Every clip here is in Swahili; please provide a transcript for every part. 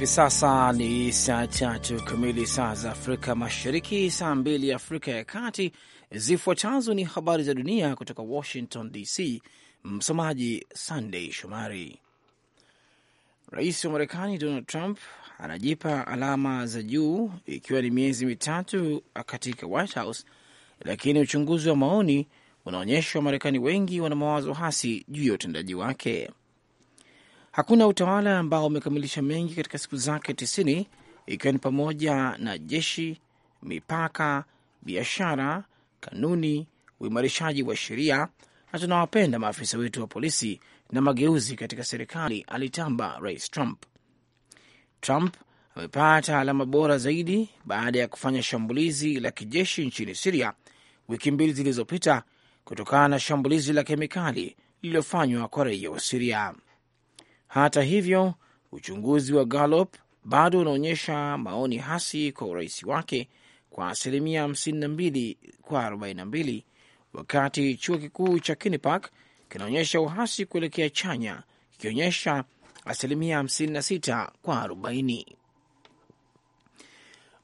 hivi sasa ni saa tatu kamili saa za Afrika Mashariki, saa mbili Afrika ya Kati. Zifuatazo ni habari za dunia kutoka Washington DC. Msomaji Sandey Shomari. Rais wa Marekani Donald Trump anajipa alama za juu ikiwa ni miezi mitatu katika White House, lakini uchunguzi wa maoni unaonyesha Wamarekani wengi wana mawazo hasi juu ya utendaji wake. Hakuna utawala ambao umekamilisha mengi katika siku zake tisini, ikiwa ni pamoja na jeshi, mipaka, biashara, kanuni, uimarishaji wa sheria, na tunawapenda maafisa wetu wa polisi na mageuzi katika serikali, alitamba Rais Trump. Trump amepata alama bora zaidi baada ya kufanya shambulizi la kijeshi nchini Siria wiki mbili zilizopita kutokana na shambulizi la kemikali lililofanywa kwa raia wa Siria. Hata hivyo, uchunguzi wa Gallup bado unaonyesha maoni hasi kwa urais wake kwa asilimia 52 kwa 42, wakati chuo kikuu cha Kinipak kinaonyesha uhasi kuelekea chanya kikionyesha asilimia 56 kwa 40.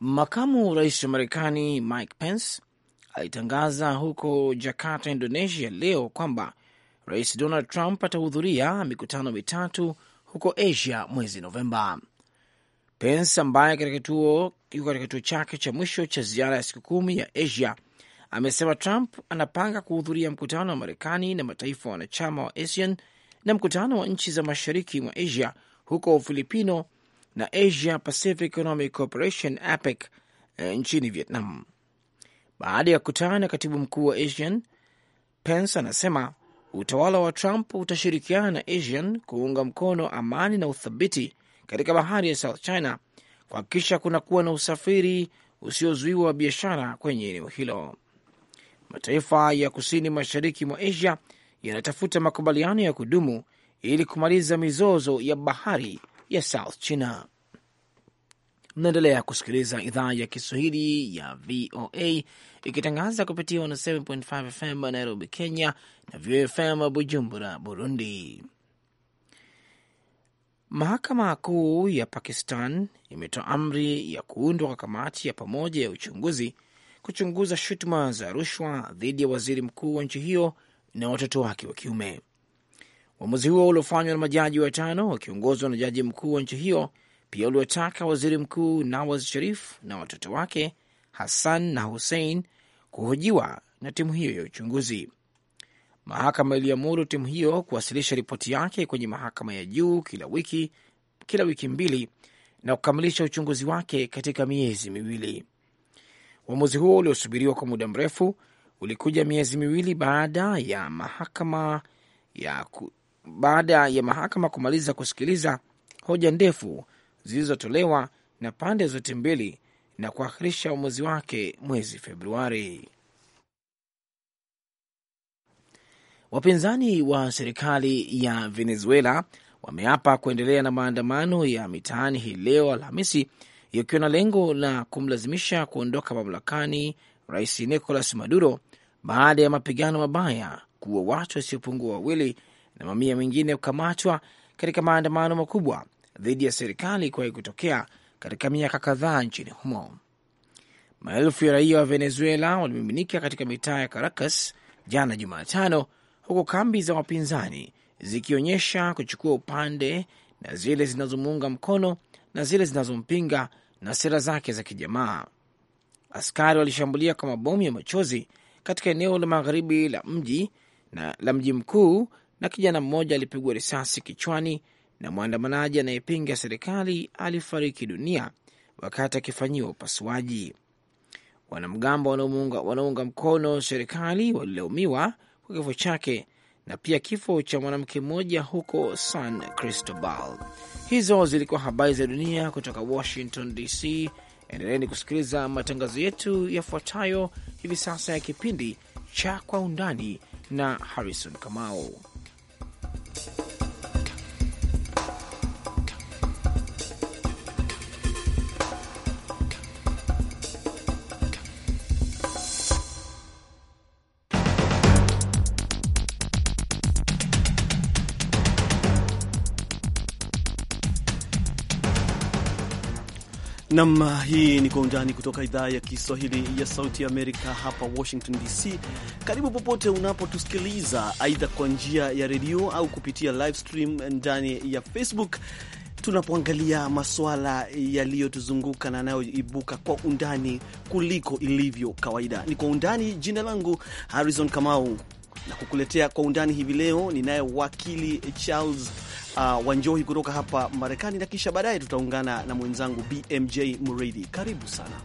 Makamu rais wa Marekani Mike Pence alitangaza huko Jakarta, Indonesia leo kwamba Rais Donald Trump atahudhuria mikutano mitatu huko Asia mwezi Novemba. Pence ambaye yuko katika kituo chake cha mwisho cha ziara ya siku kumi ya Asia amesema Trump anapanga kuhudhuria mkutano wa Marekani na mataifa wanachama wa ASEAN na mkutano wa nchi za mashariki mwa Asia huko Ufilipino na Asia Pacific Economic Cooperation APEC e, eh, nchini Vietnam. Baada ya kukutana na katibu mkuu wa ASEAN, Pence anasema utawala wa Trump utashirikiana na ASEAN kuunga mkono amani na uthabiti katika bahari ya South China, kuhakikisha kuna kuwa na usafiri usiozuiwa wa biashara kwenye eneo hilo. Mataifa ya kusini mashariki mwa Asia yanatafuta makubaliano ya kudumu ili kumaliza mizozo ya bahari ya South China. Mnaendelea kusikiliza idhaa ya Kiswahili ya VOA ikitangaza kupitia 107.5 FM Nairobi, Kenya na VOA Bujumbura, Burundi. Mahakama Kuu ya Pakistan imetoa amri ya kuundwa kwa kamati ya pamoja ya uchunguzi kuchunguza shutuma za rushwa dhidi ya waziri mkuu wa nchi hiyo na watoto wake wa kiume. Uamuzi huo uliofanywa na majaji watano wakiongozwa na jaji mkuu wa nchi hiyo pia uliotaka waziri mkuu Nawaz Sharif na watoto wake Hassan na Hussein kuhojiwa na timu hiyo ya uchunguzi. Mahakama iliamuru timu hiyo kuwasilisha ripoti yake kwenye mahakama ya juu kila wiki, kila wiki mbili na kukamilisha uchunguzi wake katika miezi miwili. Uamuzi huo uliosubiriwa kwa muda mrefu ulikuja miezi miwili baada ya mahakama ya ku, baada ya mahakama kumaliza kusikiliza hoja ndefu zilizotolewa na pande zote mbili na kuahirisha uamuzi wake mwezi Februari. Wapinzani wa serikali ya Venezuela wameapa kuendelea na maandamano ya mitaani hii leo Alhamisi, yakiwa na lengo la kumlazimisha kuondoka mamlakani Rais Nicolas Maduro baada ya mapigano mabaya kuwa watu wasiopungua wawili na mamia mengine kukamatwa katika maandamano makubwa dhidi ya serikali kuwahi kutokea katika miaka kadhaa nchini humo. Maelfu ya raia wa Venezuela walimiminika katika mitaa ya Caracas jana Jumatano, huku kambi za wapinzani zikionyesha kuchukua upande na zile zinazomuunga mkono na zile zinazompinga na sera zake za kijamaa. Askari walishambulia kwa mabomu ya machozi katika eneo la magharibi la mji na la mji mkuu, na kijana mmoja alipigwa risasi kichwani na mwandamanaji anayepinga serikali alifariki dunia wakati akifanyiwa upasuaji. Wanamgambo wanaunga mkono serikali walilaumiwa kwa kifo chake na pia kifo cha mwanamke mmoja huko San Cristobal. Hizo zilikuwa habari za dunia kutoka Washington DC. Endeleeni kusikiliza matangazo yetu yafuatayo hivi sasa ya kipindi cha Kwa Undani na Harrison Kamau. Nam, hii ni Kwa Undani kutoka idhaa ya Kiswahili ya Sauti ya Amerika hapa Washington DC. Karibu popote unapotusikiliza, aidha kwa njia ya redio au kupitia live stream ndani ya Facebook, tunapoangalia masuala yaliyotuzunguka na yanayoibuka kwa undani kuliko ilivyo kawaida. Ni Kwa Undani. Jina langu Harrison Kamau, na kukuletea kwa undani hivi leo. Ninaye wakili Charles uh, Wanjohi kutoka hapa Marekani, na kisha baadaye tutaungana na mwenzangu BMJ mredi Karibu sana.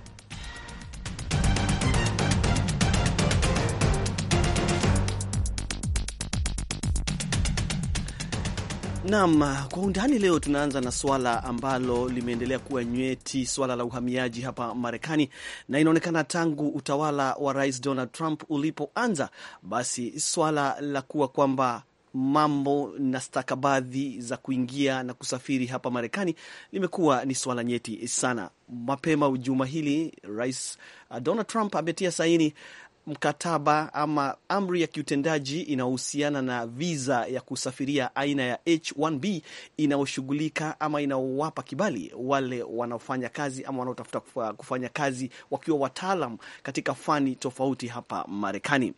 Naam, kwa undani leo tunaanza na swala ambalo limeendelea kuwa nyeti, swala la uhamiaji hapa Marekani, na inaonekana tangu utawala wa Rais Donald Trump ulipoanza, basi swala la kuwa kwamba mambo na stakabadhi za kuingia na kusafiri hapa Marekani limekuwa ni swala nyeti sana. Mapema juma hili Rais uh, Donald Trump ametia saini mkataba ama amri ya kiutendaji inayohusiana na viza ya kusafiria aina ya H1B inayoshughulika ama inaowapa kibali wale wanaofanya kazi ama wanaotafuta kufanya kazi wakiwa wataalam katika fani tofauti hapa Marekani.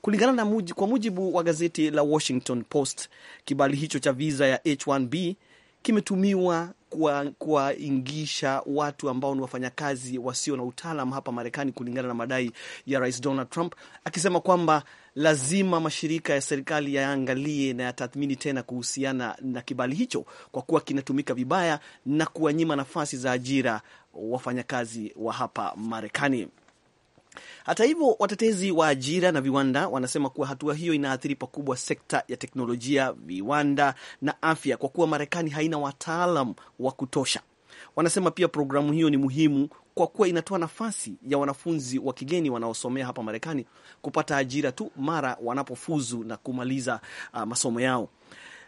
Kulingana na mujibu, kwa mujibu wa gazeti la Washington Post, kibali hicho cha viza ya H1B kimetumiwa kuwaingisha watu ambao ni wafanyakazi wasio na utaalam hapa Marekani, kulingana na madai ya Rais Donald Trump akisema kwamba lazima mashirika ya serikali yaangalie na yatathmini tena kuhusiana na kibali hicho kwa kuwa kinatumika vibaya na kuwanyima nafasi za ajira wafanyakazi wa hapa Marekani. Hata hivyo, watetezi wa ajira na viwanda wanasema kuwa hatua hiyo inaathiri pakubwa sekta ya teknolojia, viwanda na afya, kwa kuwa Marekani haina wataalam wa kutosha. Wanasema pia programu hiyo ni muhimu kwa kuwa inatoa nafasi ya wanafunzi wa kigeni wanaosomea hapa Marekani kupata ajira tu mara wanapofuzu na kumaliza uh, masomo yao.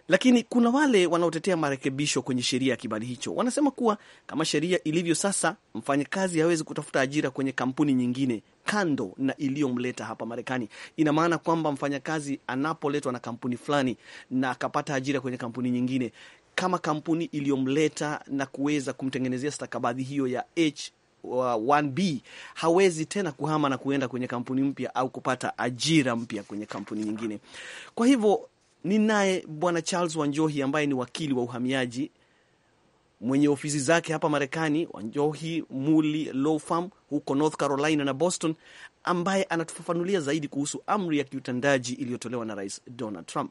Lakini kuna wale wanaotetea marekebisho kwenye sheria ya kibali hicho. Wanasema kuwa kama sheria ilivyo sasa, mfanyakazi hawezi kutafuta ajira kwenye kampuni nyingine kando na iliyomleta hapa Marekani. Ina maana kwamba mfanyakazi anapoletwa na kampuni fulani na akapata ajira kwenye kampuni nyingine, kama kampuni iliyomleta na kuweza kumtengenezea stakabadhi hiyo ya H 1B uh, hawezi tena kuhama na kuenda kwenye kampuni mpya au kupata ajira mpya kwenye kampuni nyingine. Kwa hivyo ni naye Bwana Charles Wanjohi ambaye ni wakili wa uhamiaji mwenye ofisi zake hapa Marekani, Wanjohi Muli Law Firm huko North Carolina na Boston, ambaye anatufafanulia zaidi kuhusu amri ya kiutendaji iliyotolewa na Rais Donald Trump.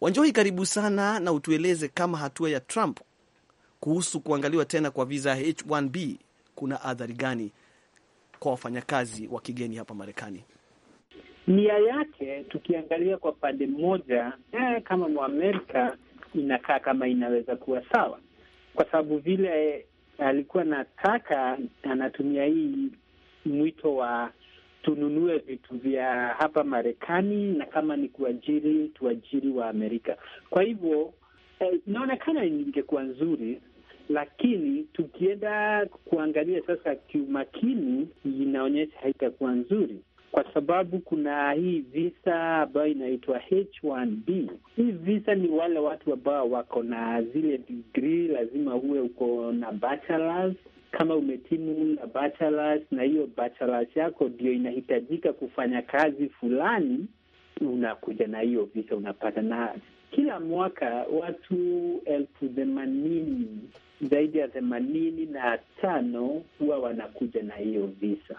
Wanjohi, karibu sana na utueleze kama hatua ya Trump kuhusu kuangaliwa tena kwa visa H1B kuna athari gani kwa wafanyakazi wa kigeni hapa Marekani? Nia yake tukiangalia kwa pande mmoja, eh, kama Mwamerika inakaa kama inaweza kuwa sawa, kwa sababu vile eh, alikuwa nataka anatumia hii mwito wa tununue vitu vya hapa Marekani na kama ni kuajiri tuajiri wa Amerika. Kwa hivyo eh, inaonekana ingekuwa nzuri, lakini tukienda kuangalia sasa kiumakini, inaonyesha haitakuwa nzuri kwa sababu kuna hii visa ambayo inaitwa H1B. Hii visa ni wale watu ambao wako na zile degree, lazima uwe uko na bachelors kama umetimu na bachelors, na hiyo bachelors yako ndio inahitajika kufanya kazi fulani, unakuja na hiyo visa unapata. Na kila mwaka watu elfu themanini zaidi ya themanini na tano huwa wanakuja na hiyo visa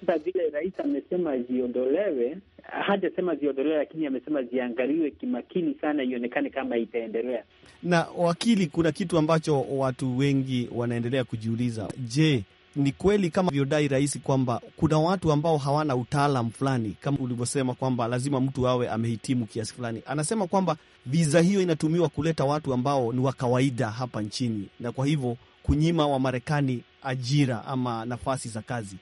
kama vile rais amesema ziondolewe, hajasema ziondolewe, lakini amesema ziangaliwe kimakini sana, ionekane kama itaendelea. Na wakili, kuna kitu ambacho watu wengi wanaendelea kujiuliza, je, ni kweli kama vyodai rais kwamba kuna watu ambao hawana utaalam fulani, kama ulivyosema kwamba lazima mtu awe amehitimu kiasi fulani. Anasema kwamba viza hiyo inatumiwa kuleta watu ambao ni wa kawaida hapa nchini, na kwa hivyo kunyima Wamarekani ajira ama nafasi za kazi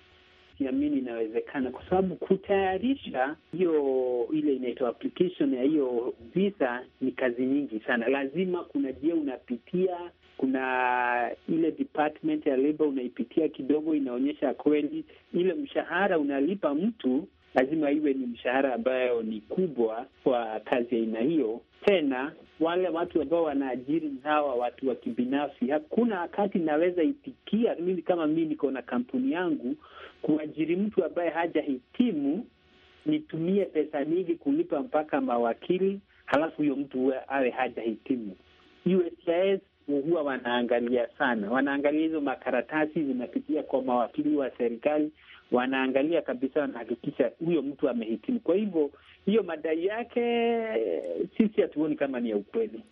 siamini inawezekana, kwa sababu kutayarisha hiyo ile inaitwa application ya hiyo visa ni kazi nyingi sana. Lazima kuna jia unapitia kuna ile department ya labor unaipitia kidogo, inaonyesha kweli ile mshahara unalipa mtu lazima iwe ni mshahara ambayo ni kubwa kwa kazi ya aina hiyo. Tena wale watu ambao wanaajiri hawa watu wa kibinafsi, hakuna wakati naweza itikia mimi. Kama mii niko na kampuni yangu, kuajiri mtu ambaye hajahitimu nitumie pesa nyingi kulipa mpaka mawakili, halafu huyo mtu awe hajahitimu. USCIS huwa wanaangalia sana, wanaangalia hizo makaratasi zinapitia kwa mawakili wa serikali, wanaangalia kabisa, wanahakikisha huyo mtu amehitimu. Kwa hivyo hiyo madai yake sisi hatuoni kama ni ya ukweli.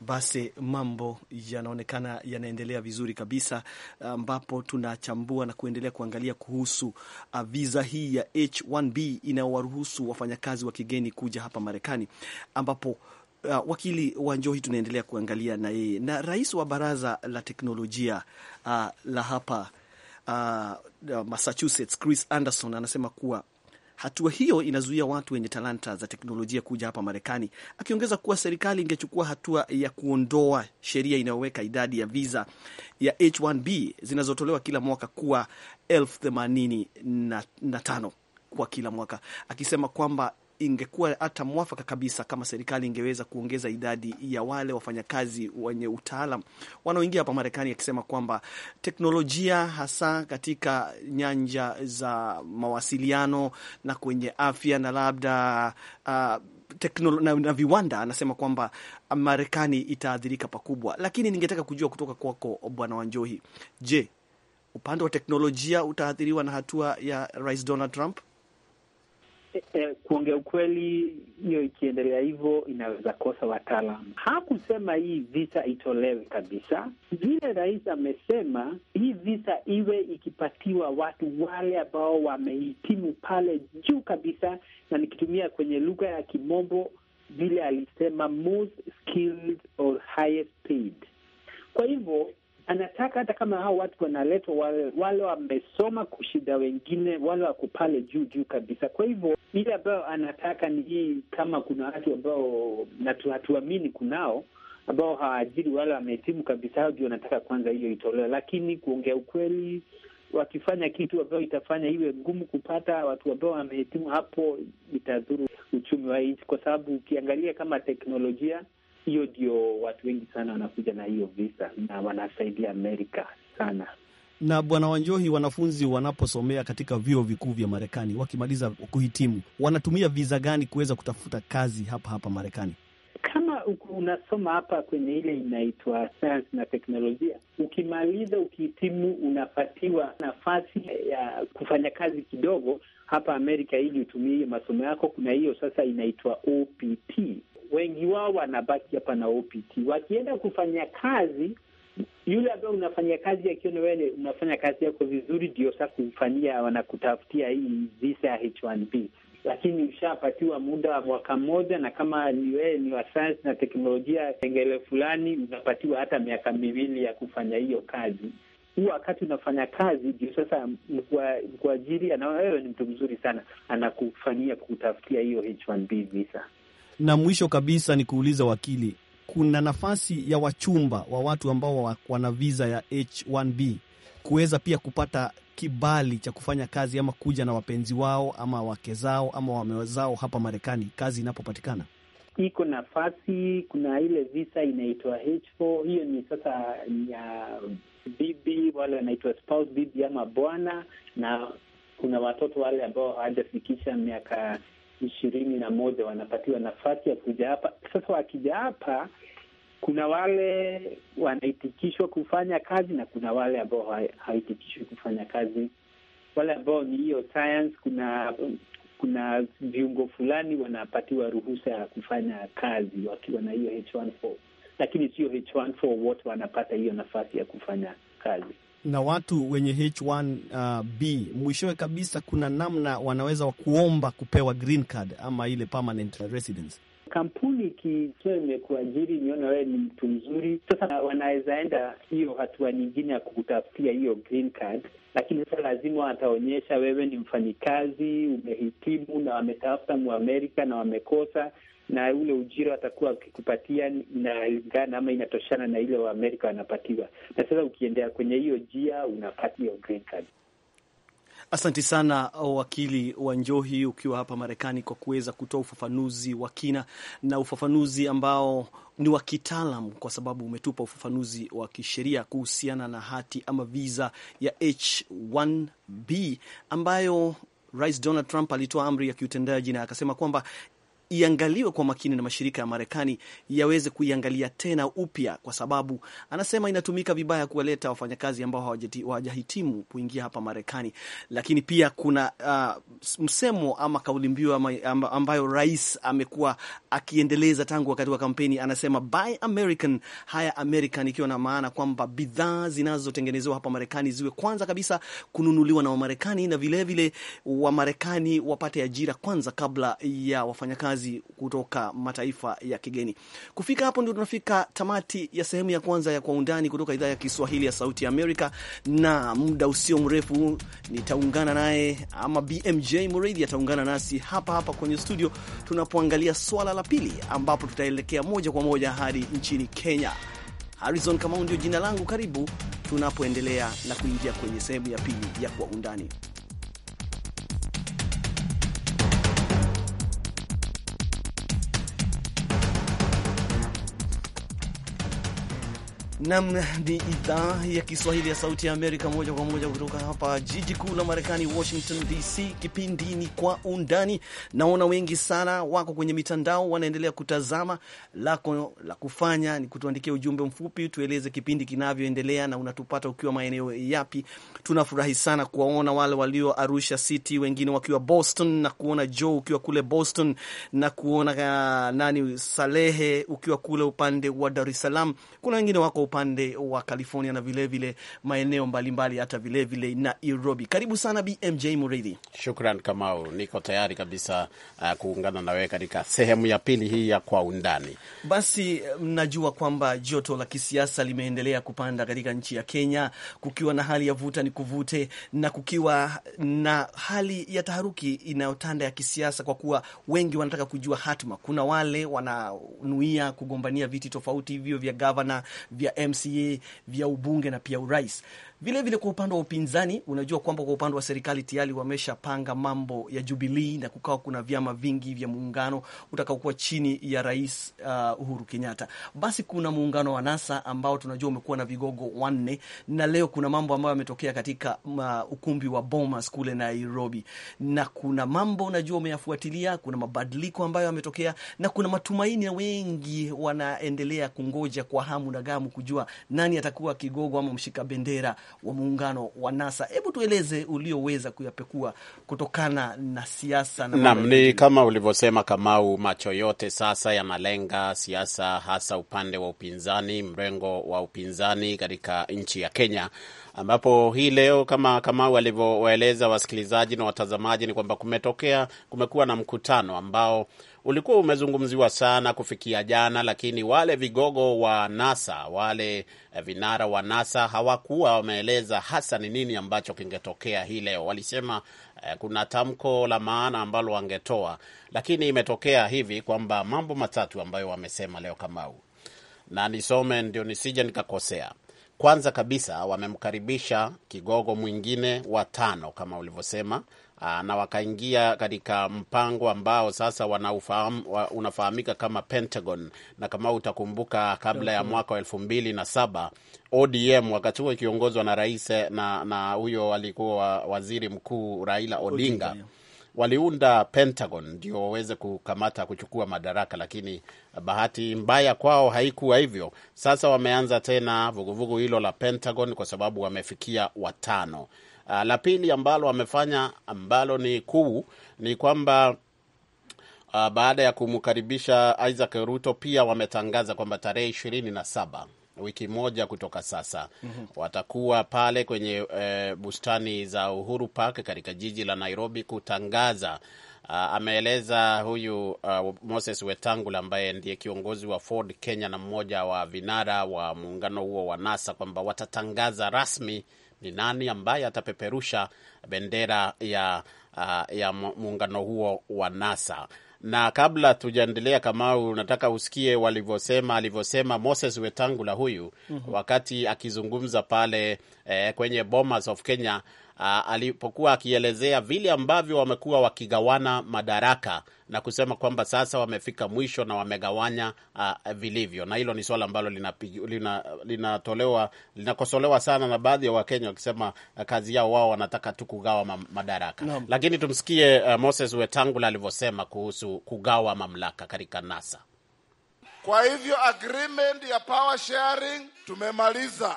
Basi mambo yanaonekana yanaendelea vizuri kabisa, ambapo tunachambua na kuendelea kuangalia kuhusu uh, viza hii ya H1B inayowaruhusu wafanyakazi wa kigeni kuja hapa Marekani, ambapo Uh, wakili wa Njohi tunaendelea kuangalia na yeye na rais wa baraza la teknolojia uh, la hapa uh, Massachusetts Chris Anderson anasema kuwa Hatua hiyo inazuia watu wenye talanta za teknolojia kuja hapa Marekani, akiongeza kuwa serikali ingechukua hatua ya kuondoa sheria inayoweka idadi ya viza ya H1B zinazotolewa kila mwaka kuwa elfu themanini na tano kwa kila mwaka, akisema kwamba ingekuwa hata mwafaka kabisa kama serikali ingeweza kuongeza idadi ya wale wafanyakazi wenye utaalam wanaoingia hapa Marekani, akisema kwamba teknolojia hasa katika nyanja za mawasiliano na kwenye afya na labda uh, na, na viwanda anasema kwamba Marekani itaathirika pakubwa, lakini ningetaka kujua kutoka kwako Bwana Wanjohi, je, upande wa teknolojia utaathiriwa na hatua ya Rais Donald Trump? E, e, kuongea ukweli, hiyo ikiendelea hivyo inaweza kosa wataalam Hakusema hii visa itolewe kabisa, vile rais amesema hii visa iwe ikipatiwa watu wale ambao wamehitimu pale juu kabisa, na nikitumia kwenye lugha ya kimombo vile alisema most skilled or highest paid. Kwa hivyo anataka hata kama hao watu wanaletwa wale, wale wamesoma kushida wengine, wale wako pale juu juu kabisa. Kwa hivyo ile ambayo anataka ni hii, kama kuna watu ambao hatuamini kunao ambao hawaajiri wale wamehitimu kabisa, hao ndio wanataka kwanza hiyo itolewe. Lakini kuongea ukweli, wakifanya kitu ambayo itafanya iwe ngumu kupata watu ambao wamehitimu, hapo itadhuru uchumi wa nchi, kwa sababu ukiangalia kama teknolojia hiyo ndio watu wengi sana wanakuja na hiyo visa na wanasaidia Amerika sana. Na Bwana Wanjohi, wanafunzi wanaposomea katika vyuo vikuu vya Marekani wakimaliza kuhitimu, wanatumia visa gani kuweza kutafuta kazi hapa hapa Marekani? Kama unasoma hapa kwenye ile inaitwa sayansi na teknolojia, ukimaliza ukihitimu, unapatiwa nafasi ya kufanya kazi kidogo hapa Amerika ili utumie hiyo masomo yako. Kuna hiyo sasa inaitwa OPT, wengi wao wanabaki hapa na OPT. Wakienda kufanya kazi, yule ambaye unafanya kazi akiona wewe unafanya kazi yako vizuri, ndio sasa ufanyia, wanakutafutia hii visa ya H1B, lakini ushapatiwa muda wa mwaka mmoja, na kama ni wewe ni wa sayansi na teknolojia kengele fulani, unapatiwa hata miaka miwili ya kufanya hiyo kazi. huu wakati unafanya kazi ndio sasa mkuajiri anaona wewe ni mtu mzuri sana, anakufanyia kutafutia hiyo H1B visa. Na mwisho kabisa ni kuuliza wakili, kuna nafasi ya wachumba wa watu ambao wana visa ya H1B kuweza pia kupata kibali cha kufanya kazi ama kuja na wapenzi wao ama wake zao ama wamewazao hapa Marekani kazi inapopatikana? Iko nafasi. Kuna ile visa inaitwa H4, hiyo ni sasa ya bibi wale wanaitwa spouse bibi ama bwana, na kuna watoto wale ambao hawajafikisha miaka ishirini na moja wanapatiwa nafasi ya kuja hapa. Sasa wakija hapa, kuna wale wanaitikishwa kufanya kazi na kuna wale ambao hawaitikishwi kufanya kazi. Wale ambao ni hiyo science, kuna kuna viungo fulani wanapatiwa ruhusa ya kufanya kazi wakiwa na hiyo H1 lakini sio H1 wote wanapata hiyo nafasi ya kufanya kazi na watu wenye H1B uh, mwishowe kabisa kuna namna wanaweza kuomba kupewa green card ama ile permanent residence. Kampuni ikiwa imekuajiri niona wewe ni mtu mzuri, sasa wanaweza enda hiyo hatua nyingine ya kukutafutia hiyo green card, lakini sasa lazima wataonyesha wewe ni mfanyikazi, umehitimu na wametafuta Muamerika na wamekosa na ule ujira watakuwa wakikupatia inalingana ama inatoshana na ile Waamerika wanapatiwa, na sasa ukiendea kwenye hiyo njia unapata hiyo green card. sana wakili wa Njohi, ukiwa hapa Marekani, kwa kuweza kutoa ufafanuzi wa kina na ufafanuzi ambao ni wa kitaalam, kwa sababu umetupa ufafanuzi wa kisheria kuhusiana na hati ama viza ya H1B ambayo Rais Donald Trump alitoa amri ya kiutendaji na akasema kwamba iangaliwe kwa makini na mashirika ya Marekani yaweze kuiangalia tena upya, kwa sababu anasema inatumika vibaya kuwaleta wafanyakazi ambao hawajahitimu kuingia hapa Marekani. Lakini pia kuna uh, msemo ama kauli mbiu ambayo rais amekuwa akiendeleza tangu wakati wa kampeni, anasema buy American, haya American, ikiwa na maana kwamba bidhaa zinazotengenezewa hapa Marekani ziwe kwanza kabisa kununuliwa na Wamarekani na vilevile Wamarekani wapate ajira kwanza kabla ya wafanyakazi wafanyakazi kutoka mataifa ya kigeni. Kufika hapo ndio tunafika tamati ya sehemu ya kwanza ya Kwa Undani kutoka idhaa ya Kiswahili ya Sauti ya Amerika, na muda usio mrefu nitaungana naye ama BMJ Mureithi ataungana nasi hapa hapa kwenye studio tunapoangalia swala la pili, ambapo tutaelekea moja kwa moja hadi nchini Kenya. Harrison Kamau ndio jina langu. Karibu tunapoendelea na kuingia kwenye sehemu ya pili ya Kwa Undani. Nam ni idhaa ya Kiswahili ya Sauti ya Amerika, moja kwa moja kutoka hapa jiji kuu la Marekani, Washington DC. Kipindi ni Kwa Undani. Naona wengi sana wako kwenye mitandao wanaendelea kutazama. Lako la kufanya ni kutuandikia ujumbe mfupi, tueleze kipindi kinavyoendelea na unatupata ukiwa maeneo yapi. Tunafurahi sana kuwaona wale walio Arusha City, wengine wakiwa Boston, na kuona Joe ukiwa kule Boston, na kuona ah, nani Salehe ukiwa kule upande wa Dar es Salaam. Kuna wengine wako upande wa California na vilevile vile maeneo mbalimbali hata mbali, vilevile Nairobi. Karibu sana BMJ Muridhi. Shukran Kamau, niko tayari kabisa uh, kuungana wewe katika sehemu ya pili hii ya kwa undani. Basi mnajua kwamba joto la kisiasa limeendelea kupanda katika nchi ya Kenya kukiwa na hali ya vuta ni kuvute, na kukiwa na hali ya taharuki inayotanda ya kisiasa, kwa kuwa wengi wanataka kujua hatima. Kuna wale wananuia kugombania viti tofauti hivyo vya gavana, vya MCA, vya ubunge na pia urais. Vilevile kwa upande wa upinzani, unajua kwamba kwa upande wa serikali tayari wameshapanga mambo ya Jubilii na kukawa kuna vyama vingi vya muungano utakaokuwa chini ya Rais uh, Uhuru Kenyatta. Basi kuna muungano wa NASA ambao tunajua umekuwa na vigogo wanne, na leo kuna mambo ambayo yametokea katika uh, ukumbi wa Bomas kule Nairobi, na kuna mambo unajua umeyafuatilia, kuna mabadiliko ambayo yametokea na kuna matumaini ya wengi wanaendelea kungoja kwa hamu na gamu kujua nani atakuwa kigogo ama mshika bendera wa muungano wa NASA. Hebu tueleze ulioweza kuyapekua kutokana na siasa. nam, ni kama ulivyosema Kamau, macho yote sasa yanalenga siasa, hasa upande wa upinzani, mrengo wa upinzani katika nchi ya Kenya ambapo hii leo kama Kamau alivyowaeleza wasikilizaji na watazamaji ni kwamba kumetokea, kumekuwa na mkutano ambao ulikuwa umezungumziwa sana kufikia jana, lakini wale vigogo wa NASA, wale eh, vinara wa NASA hawakuwa wameeleza hasa ni nini ambacho kingetokea hii leo. Walisema eh, kuna tamko la maana ambalo wangetoa, lakini imetokea hivi kwamba mambo matatu ambayo wamesema leo, Kamau, na nisome ndio nisije nikakosea. Kwanza kabisa wamemkaribisha kigogo mwingine wa tano kama ulivyosema Ah, na wakaingia katika mpango ambao sasa unafahamika kama Pentagon, na kama utakumbuka kabla ya mwaka wa elfu mbili na saba ODM wakati huo ikiongozwa na rais eh, na, na huyo alikuwa waziri mkuu Raila Odinga waliunda Pentagon ndio waweze kukamata kuchukua madaraka, lakini bahati mbaya kwao haikuwa hivyo. Sasa wameanza tena vuguvugu hilo la Pentagon kwa sababu wamefikia watano. Uh, la pili ambalo amefanya ambalo ni kuu ni kwamba uh, baada ya kumkaribisha Isaac Ruto pia wametangaza kwamba tarehe ishirini na saba wiki moja kutoka sasa mm -hmm. watakuwa pale kwenye e, bustani za Uhuru Park katika jiji la Nairobi kutangaza A, ah, ameeleza huyu uh, Moses Wetangula ambaye ndiye kiongozi wa Ford Kenya na mmoja wa vinara wa muungano huo wa NASA kwamba watatangaza rasmi ni nani ambaye atapeperusha bendera ya, uh, ya muungano huo wa NASA. Na kabla tujaendelea, kama unataka usikie walivyosema, alivyosema Moses Wetangula huyu mm -hmm. wakati akizungumza pale eh, kwenye Bomas of Kenya uh, alipokuwa akielezea vile ambavyo wamekuwa wakigawana madaraka na kusema kwamba sasa wamefika mwisho na wamegawanya uh, vilivyo, na hilo ni swala ambalo linatolewa lina, linakosolewa sana na baadhi ya Wakenya wakisema uh, kazi yao wao wanataka tu kugawa madaraka no. Lakini tumsikie uh, Moses Wetangula alivyosema kuhusu kugawa mamlaka katika NASA. Kwa hivyo agreement ya power sharing tumemaliza.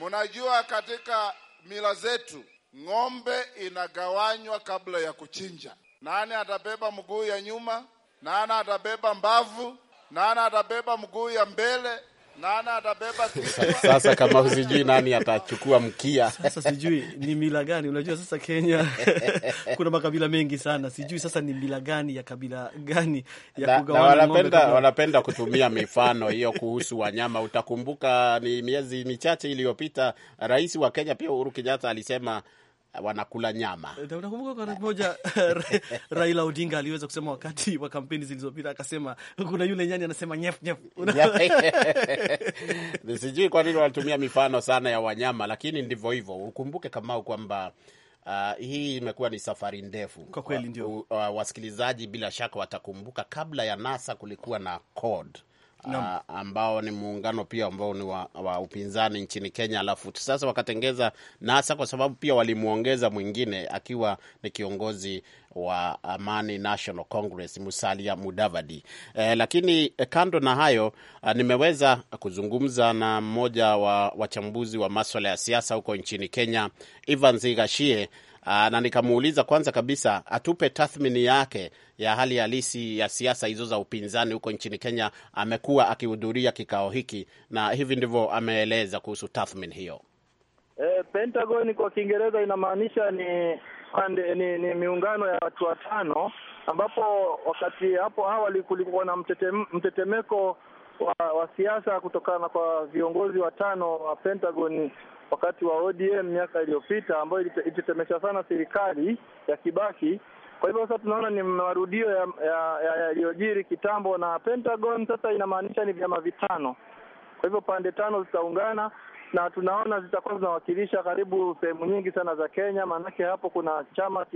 Mnajua katika mila zetu ng'ombe inagawanywa kabla ya kuchinja. Nani atabeba mguu ya nyuma? Nani atabeba mbavu? Nani atabeba mguu ya mbele? Nani atabeba sasa, sasa kama usijui nani atachukua mkia sasa, sijui ni mila gani? Unajua sasa Kenya kuna makabila mengi sana, sijui sasa ni mila gani ya kabila gani ya kugawana. Wanapenda, wanapenda kutumia mifano hiyo kuhusu wanyama. Utakumbuka ni miezi michache iliyopita rais wa Kenya pia Uhuru Kenyatta alisema wanakula nyama. Eh, unakumbuka Raila Odinga aliweza kusema wakati wa kampeni zilizopita, akasema kuna yule nyani anasema nyef nyef. Sijui kwa nini walitumia mifano sana ya wanyama, lakini ndivyo hivyo. Ukumbuke Kamau kwamba Uh, hii imekuwa ni safari ndefu kwa kweli, ndio. Uh, uh, wasikilizaji bila shaka watakumbuka kabla ya NASA kulikuwa na code A, ah, ambao ni muungano pia ambao ni wa, wa upinzani nchini Kenya, alafu sasa wakatengeza NASA kwa sababu pia walimwongeza mwingine akiwa ni kiongozi wa Amani National Congress Musalia Mudavadi. E, lakini kando na hayo a, ah, nimeweza kuzungumza na mmoja wa wachambuzi wa maswala ya siasa huko nchini Kenya, Evans Igashie Aa, ah, na nikamuuliza kwanza kabisa atupe tathmini yake ya hali halisi ya siasa hizo za upinzani huko nchini Kenya. Amekuwa akihudhuria kikao hiki na hivi ndivyo ameeleza kuhusu tathmini hiyo. E, Pentagon kwa Kiingereza inamaanisha ni, ni ni miungano ya watu watano ambapo wakati hapo awali kulikuwa na mtetemeko wa, wa siasa kutokana kwa viongozi watano wa Pentagon wakati wa ODM miaka iliyopita ambayo ilitetemesha sana serikali ya Kibaki. Kwa hivyo sasa tunaona ni marudio yaliyojiri ya, ya, ya kitambo na Pentagon sasa inamaanisha ni vyama vitano. Kwa hivyo pande tano zitaungana na tunaona zitakuwa zinawakilisha karibu sehemu nyingi sana za Kenya, maanake hapo kuna chama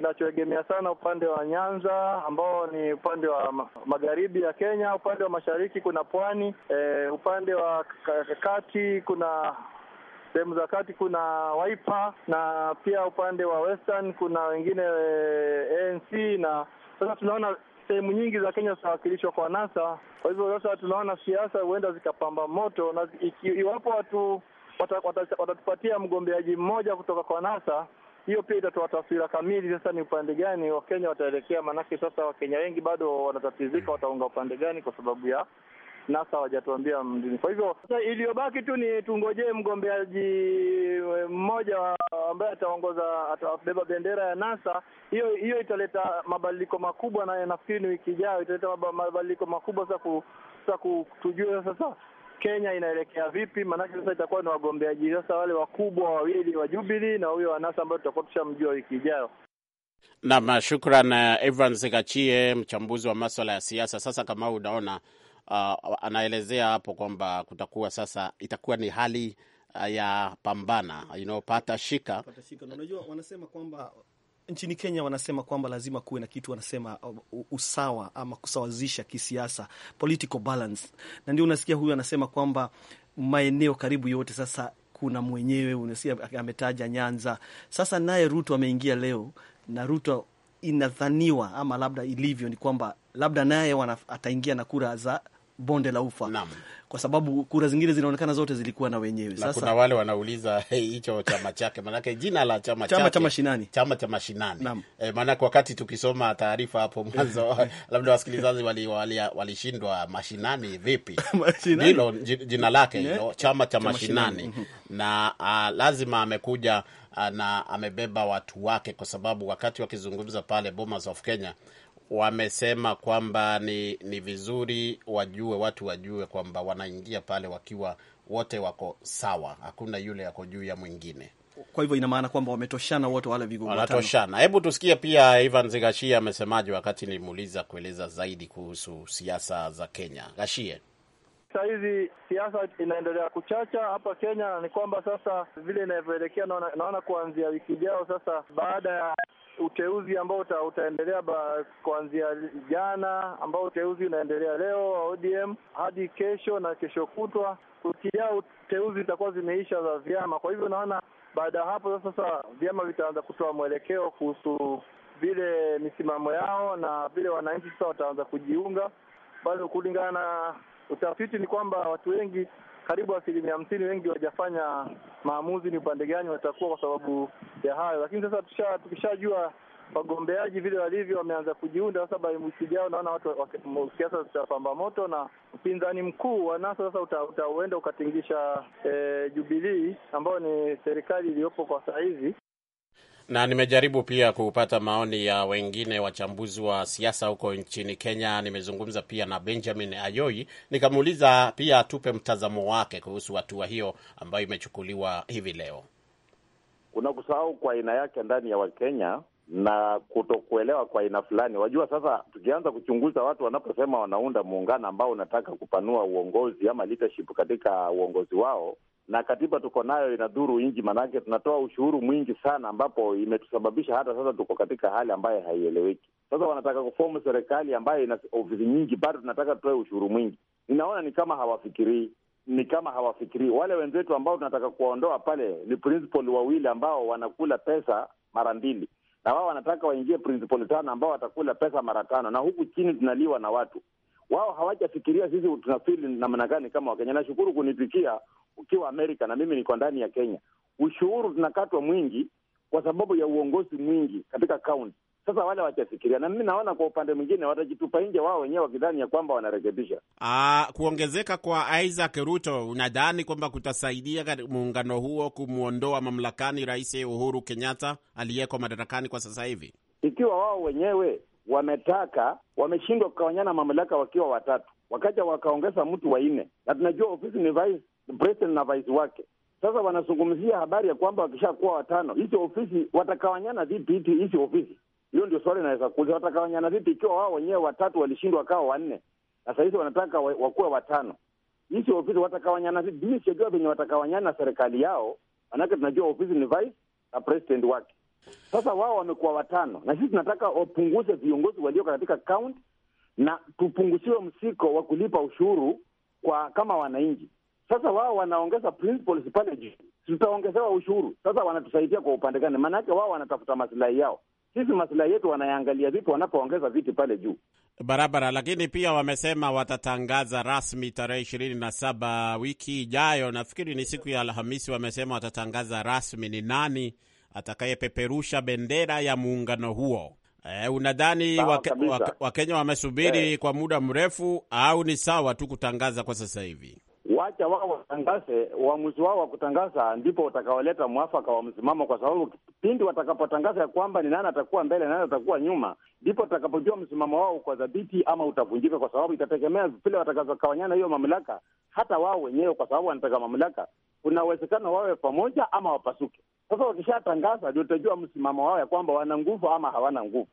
kinachoegemea sana upande wa Nyanza ambao ni upande wa magharibi ya Kenya, upande wa mashariki kuna pwani e, upande wa kati kuna sehemu za kati kuna waipa na pia upande wa western kuna wengine e, eh, ANC na sasa tunaona sehemu nyingi za Kenya zinawakilishwa kwa NASA. Kwa hivyo sasa tunaona siasa huenda zikapamba moto, na iwapo watu watatupatia mgombeaji mmoja kutoka kwa NASA hiyo pia itatoa taswira kamili, sasa ni upande gani Wakenya wataelekea. Maanake sasa Wakenya wengi bado wanatatizika, wataunga upande gani, kwa sababu ya NASA hawajatuambia mdini. Kwa hivyo sasa iliyobaki tu ni tungojee mgombeaji eh, mmoja ambaye ataongoza, atabeba bendera ya NASA. Hiyo hiyo italeta mabadiliko makubwa, na nafikiri ni wiki ijayo italeta mabadiliko makubwa sasa ku, sasa ku, tujue sasa Kenya inaelekea vipi, maanake sasa itakuwa ni wagombeaji sasa wale wakubwa wawili wa jubili na huyo anasa ambayo tutakuwa tushamjua wiki ijayo. nam shukran eh, Evans Gachie, mchambuzi wa maswala ya siasa. Sasa kama unaona, uh, anaelezea hapo kwamba kutakuwa sasa itakuwa ni hali uh, ya pambana inayopata shika, pata shika. Unajua wanasema kwamba nchini Kenya wanasema kwamba lazima kuwe na kitu wanasema uh, usawa ama kusawazisha kisiasa, political balance, na ndio unasikia huyu anasema kwamba maeneo karibu yote sasa kuna mwenyewe, unasikia ametaja Nyanza. Sasa naye Ruto ameingia leo na Ruto inadhaniwa ama labda ilivyo ni kwamba labda naye ataingia na kura za bonde la ufa Nam. Kwa sababu kura zingine zinaonekana zote zilikuwa na wenyewe. Sasa kuna wale wanauliza hicho hey, chama chake manake jina la chama chake chama cha mashinani chama cha mashinani e, eh, maanake wakati tukisoma taarifa hapo mwanzo labda wasikilizaji walishindwa wali, wali mashinani vipi? hilo jina lake hilo yeah. chama cha mashinani mhm. na a, lazima amekuja na amebeba watu wake, kwa sababu wakati wakizungumza pale Bomas of Kenya wamesema kwamba ni, ni vizuri wajue, watu wajue kwamba wanaingia pale wakiwa wote wako sawa, hakuna yule yako juu ya mwingine. Kwa hivyo ina maana kwamba wametoshana wote wale vigogo watano, wanatoshana. Hebu tusikie pia Ivan Zigashia amesemaje wakati nilimuuliza kueleza zaidi kuhusu siasa za Kenya. Gashie. Sasa hizi siasa inaendelea kuchacha hapa Kenya, ni kwamba sasa vile inavyoelekea, naona, naona kuanzia wiki ijao sasa, baada ya uteuzi ambao uta, utaendelea kuanzia jana ambao uteuzi unaendelea leo wa ODM hadi kesho na kesho kutwa, kutia uteuzi zitakuwa zimeisha za vyama. Kwa hivyo naona baada ya hapo sasa vyama vitaanza kutoa mwelekeo kuhusu vile misimamo yao na vile wananchi sasa wataanza kujiunga. Bado kulingana na utafiti ni kwamba watu wengi karibu asilimia hamsini, wengi wajafanya maamuzi ni upande gani watakuwa kwa sababu ya hayo. Lakini sasa tukishajua wagombeaji vile walivyo, wameanza kujiunda sasa. By jao naona watu siasa zitapamba moto na upinzani mkuu wa NASA sasa uta, utauenda ukatingisha e, eh, Jubilii ambayo ni serikali iliyopo kwa sahizi na nimejaribu pia kupata maoni ya wengine wachambuzi wa siasa huko nchini Kenya. Nimezungumza pia na Benjamin Ayoi nikamuuliza pia atupe mtazamo wake kuhusu hatua hiyo ambayo imechukuliwa hivi leo. Kuna kusahau kwa aina yake ndani ya Wakenya na kutokuelewa kwa aina fulani. Wajua, sasa tukianza kuchunguza watu wanaposema wanaunda muungano ambao unataka kupanua uongozi ama leadership katika uongozi wao na katiba tuko nayo inadhuru nchi, maanake tunatoa ushuru mwingi sana, ambapo imetusababisha hata sasa tuko katika hali ambayo haieleweki. Sasa wanataka kufomu serikali ambayo ina ofisi nyingi, bado tunataka tutoe ushuru mwingi. Ninaona ni kama hawafikirii, ni kama hawafikirii wale wenzetu ambao tunataka kuwaondoa pale. Ni principal wawili ambao wanakula pesa mara mbili, na wao wanataka waingie principal tano ambao watakula pesa mara tano, na huku chini tunaliwa na watu wao hawajafikiria sisi tunafili namna gani kama Wakenya. Nashukuru kunipikia ukiwa Amerika na mimi niko ndani ya Kenya, ushuru tunakatwa mwingi kwa sababu ya uongozi mwingi katika kaunti. Sasa wale wachafikiria, na mimi naona kwa upande mwingine watajitupa nje wao wenyewe wakidhani ya kwamba wanarekebisha. Aa, ah, kuongezeka kwa Isaac Ruto unadhani kwamba kutasaidia muungano huo kumwondoa mamlakani Rais Uhuru Kenyatta aliyeko madarakani kwa sasa hivi, ikiwa wao wenyewe wametaka wameshindwa kukawanyana mamlaka wakiwa watatu, wakaja wakaongeza mtu wa nne, na tunajua ofisi ni vice Britain na vice wake. Sasa wanazungumzia habari ya kwamba wakishakuwa watano, hizi ofisi watakawanyana vipi? Iti hizi ofisi, hiyo ndio swali naweza kuuliza, watakawanyana vipi ikiwa wao wenyewe watatu walishindwa kawa wanne, sasa hizi wanataka wakuwe watano. Hizi ofisi watakawanyana vipi? Mimi sijajua venye watakawanyana serikali yao, manake tunajua ofisi ni vice na president wake. Sasa wao wamekuwa watano, na sisi tunataka wapunguze viongozi walioko katika kaunti na tupungusiwe msiko wa kulipa ushuru kwa kama wananchi. Sasa wao wanaongeza principles pale juu, tutaongezewa ushuru. Sasa wanatusaidia kwa upande gani? Maanake wao wanatafuta masilahi yao, sisi masilahi yetu wanayangalia vipi wanapoongeza viti pale juu? Barabara. Lakini pia wamesema watatangaza rasmi tarehe ishirini na saba wiki ijayo, nafikiri ni siku ya Alhamisi. Wamesema watatangaza rasmi ni nani atakayepeperusha bendera ya muungano huo. Eh, unadhani Wakenya wamesubiri eh. kwa muda mrefu au ni sawa tu kutangaza kwa sasa hivi? wacha wao watangaze uamuzi wao wa kutangaza, ndipo utakaoleta mwafaka wa msimamo, kwa sababu pindi watakapotangaza ya kwamba ni nani atakuwa mbele nani atakuwa nyuma, ndipo utakapojua msimamo wao uko dhabiti ama utavunjika, kwa sababu itategemea vile watakazokawanyana hiyo mamlaka, hata wao wenyewe, kwa sababu wanataka mamlaka. Kuna uwezekano wawe pamoja ama wapasuke. Sasa wakishatangaza, ndio utajua msimamo wao ya kwamba wana nguvu ama hawana nguvu.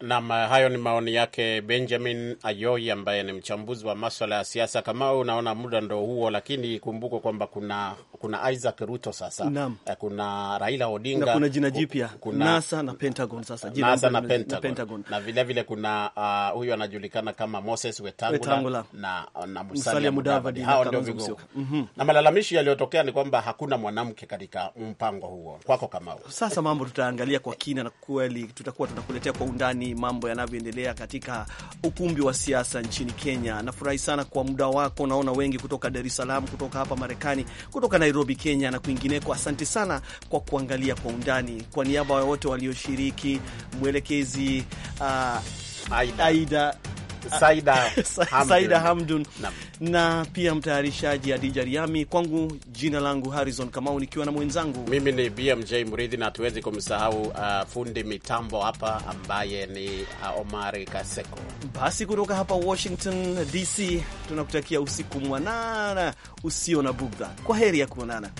Nam, hayo ni maoni yake Benjamin Ayoi ambaye ni mchambuzi wa maswala ya siasa. Kama unaona muda ndo huo, lakini kumbuka kwamba kuna kuna Isaac Ruto sasa Naam. Eh, kuna Raila Odinga na kuna jina jipya kuna... NASA na Pentagon sasa jina NASA na Pentagon. Na Pentagon na vile vile kuna uh, huyu anajulikana kama Moses Wetangula, Wetangula. na na Musalia Mudavadi hao ndio vigogo mm -hmm. na malalamishi yaliyotokea ni kwamba hakuna mwanamke katika mpango huo. Kwako Kamau, sasa mambo tutaangalia kwa kina na kweli tutakuwa tunakuletea kwa undani nini mambo yanavyoendelea katika ukumbi wa siasa nchini Kenya. Nafurahi sana kwa muda wako, naona wengi kutoka Dar es Salaam, kutoka hapa Marekani, kutoka Nairobi Kenya na kwingineko. Asante sana kwa kuangalia kwa undani. Kwa niaba ya wote walioshiriki, mwelekezi uh, Aida Uh, Saida Hamdun, Saida Hamdun. na pia mtayarishaji Adija Riami. Kwangu jina langu Harrison Kamau nikiwa na mwenzangu mimi ni BMJ Mridhi, na tuwezi kumsahau uh, fundi mitambo hapa ambaye ni uh, Omari Kaseko. Basi kutoka hapa Washington DC tunakutakia usiku mwanana usio na bugdha. Kwa heri ya kuonana.